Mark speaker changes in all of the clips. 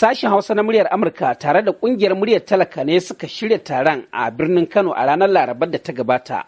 Speaker 1: Sashen Hausa na muryar Amurka tare da kungiyar muryar talaka ne suka shirya taron a birnin Kano a ranar Larabar da ta gabata.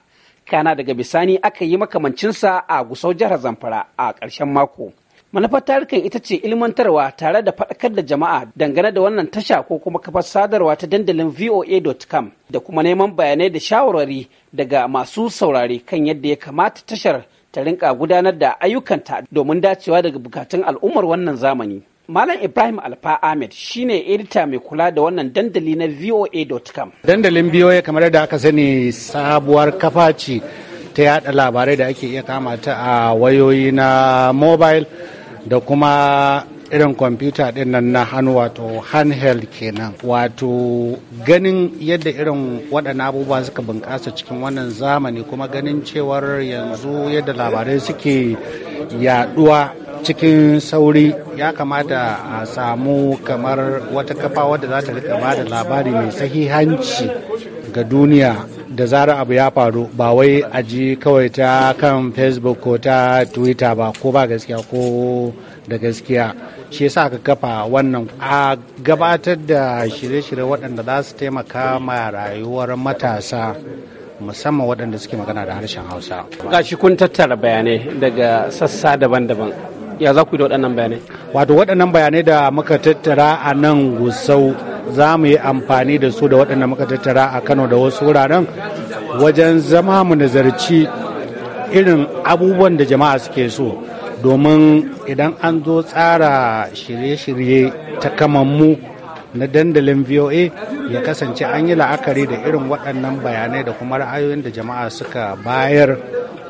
Speaker 1: Kana daga bisani aka yi makamancinsa a Gusau jihar Zamfara a ƙarshen mako. Manufar tarukan ita ce ilmantarwa tare da faɗakar da jama'a dangane da wannan tasha ko kuma kafar sadarwa ta dandalin voa.com da kuma neman bayanai da shawarwari daga masu saurare kan yadda ya kamata tashar ta rinka gudanar da ayyukanta domin dacewa daga bukatun al'ummar wannan zamani. Malam Ibrahim Alfa Ahmed shine edita mai kula da wannan dandali na voa.com.
Speaker 2: Dandalin VOA kamar da aka sani sabuwar kafa ce ta yada labarai da ake iya kama ta a wayoyi na mobile da kuma irin kwamfuta din na hannu wato handheld kenan wato ganin yadda irin waɗannan abubuwa suka bunƙasa cikin wannan zamani kuma ganin cewar yanzu yadda labarai suke yaɗuwa cikin sauri ya kamata a samu kamar wata kafa wadda za ta rika bada labari mai sahihanci ga duniya da zarar abu ya faru ba wai a ji kawai ta kan facebook ko ta twitter ba ko ba gaskiya ko da gaskiya shi yasa ka kafa wannan a gabatar da shirye-shirye waɗanda za su taimaka ma rayuwar matasa musamman waɗanda suke magana da harshen hausa
Speaker 1: gashi kun tattara bayanai daga sassa daban-daban ya za ku yi da waɗannan bayanai
Speaker 2: wato waɗannan bayanai da muka tattara a nan gusau za mu yi amfani da su da waɗannan muka tattara a kano da wasu wuraren wajen zama mu nazarci irin abubuwan da jama'a suke so domin idan an zo tsara shirye-shirye ta kamammu na dandalin voa ya kasance an yi la'akari da irin waɗannan bayanai da kuma ra'ayoyin da jama'a suka bayar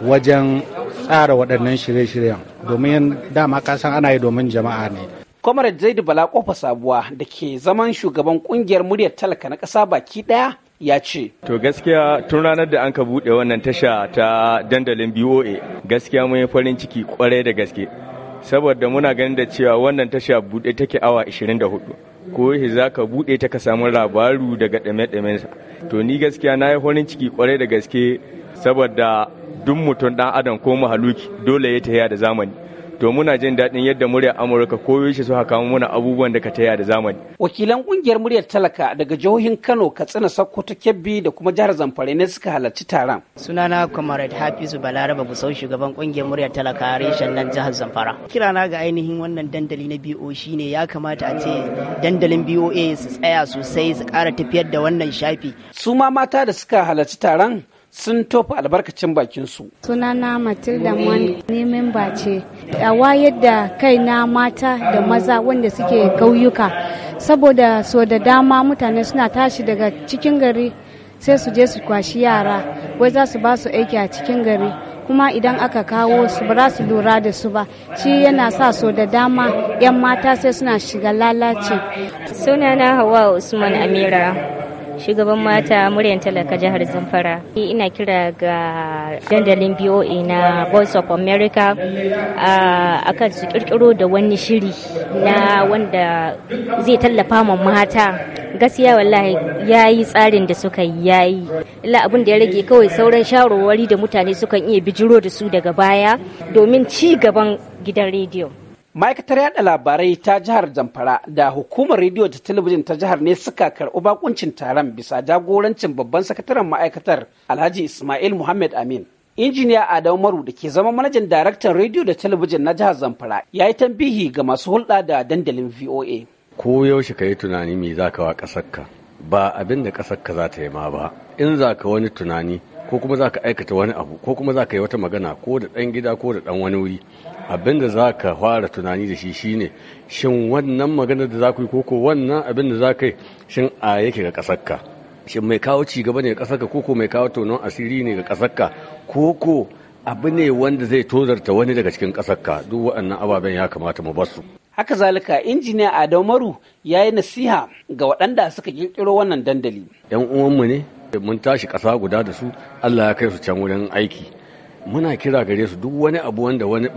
Speaker 2: wajen tsara waɗannan shirye-shiryen domin dama kasan ana yi domin jama'a ne.
Speaker 1: Kwamarar Zaidu Bala Kofa Sabuwa da ke zaman shugaban kungiyar muryar talaka na ƙasa baki ɗaya
Speaker 3: ya ce. To gaskiya tun ranar da an ka buɗe wannan tasha ta dandalin BOA gaskiya mun yi farin ciki kwarai da gaske. Saboda muna ganin da cewa wannan tasha buɗe take awa 24. Ko shi za ka buɗe ta ka samu labaru daga ɗame-ɗamensa. To ni gaskiya na yi farin ciki kwarai da gaske saboda duk mutum dan adam ko mahaluki dole ya taya da zamani to muna jin daɗin yadda muryar amurka ko yaushe su haka muna abubuwan da ka taya da zamani
Speaker 1: wakilan kungiyar muryar talaka daga jihohin kano katsina sokoto kebbi da kuma jihar zamfara ne suka halarci taron sunana comrade hafizu balaraba busau shugaban kungiyar muryar talaka reshen nan jihar zamfara kirana ga ainihin wannan dandali na bo shine ya kamata a ce dandalin boa su tsaya sosai su ƙara tafiyar da wannan shafi su ma mata da suka halarci taron sun tofa albarkacin bakin bakinsu. Sunana Matilda Mwan ne memba ce, a wayar da kai na mata da maza wanda suke gauyuka saboda so da dama mutane suna tashi daga cikin gari sai su je su kwashi yara, wai za su ba su aiki a cikin gari. kuma idan aka kawo su ba su lura da su ba shi yana sa so da dama 'yan mata sai suna shiga lalace
Speaker 2: sunana hawa usman amira shugaban mata muryan talaka jihar Zamfara. Eh, ina kira ga dandalin BOA na Voice of America kan su kirkiro da wani shiri na wanda zai tallafa ma mata gaskiya wallahi ya yi tsarin da suka yi ya yi illa abin da ya rage kawai sauran shawarwari da mutane sukan iya bijiro da su daga baya domin
Speaker 1: ci gaban gidan rediyo ma'aikatar Yaɗa labarai ta jihar zamfara da hukumar rediyo da talabijin ta jihar ne suka karɓi bakuncin taron bisa jagorancin babban sakataren ma'aikatar alhaji ismail muhammad amin injiniya adamu maru da ke zama manajan daraktan rediyo da talabijin na jihar zamfara ya yi tambihi ga masu hulɗa da dandalin voa
Speaker 3: ko yaushe ka yi tunani me za ka wa ƙasarka ba abin da ƙasarka za ta yi ma ba in za ka wani tunani ko kuma za ka aikata wani abu ko kuma za ka yi wata magana ko da ɗan gida ko da ɗan wani wuri abin da za ka fara tunani da shi shine shin wannan magana da za ku yi ko ko wannan abin da za ka yi shin a yake ga ƙasarka shin mai kawo cigaba gaba ne ga ƙasarka ko ko mai kawo tonon asiri ne ga ƙasarka ko ko abu ne wanda zai tozarta wani daga cikin ƙasarka duk waɗannan ababen ya kamata mu basu.
Speaker 1: haka zalika injiniya adamu maru ya yi nasiha ga waɗanda suka ƙirƙiro wannan dandali
Speaker 3: yan uwanmu ne mun tashi ƙasa guda da su allah ya kai su can wurin aiki muna kira gare su duk wani abu wanda wani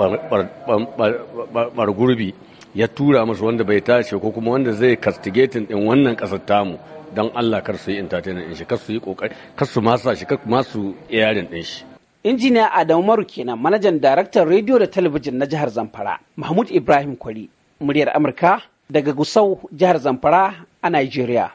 Speaker 3: bargurbi ya tura masu wanda bai tashi ko kuma wanda zai kastigetin din wannan ƙasar tamu don allah kar su yi entertainment din shi kar su yi kokari kar su masa shi kar kuma su yarin din shi
Speaker 1: injiniya adamu maru kenan manajan daraktan rediyo da talabijin na jihar zamfara mahmud ibrahim kwari muryar amurka daga gusau jihar zamfara a nigeria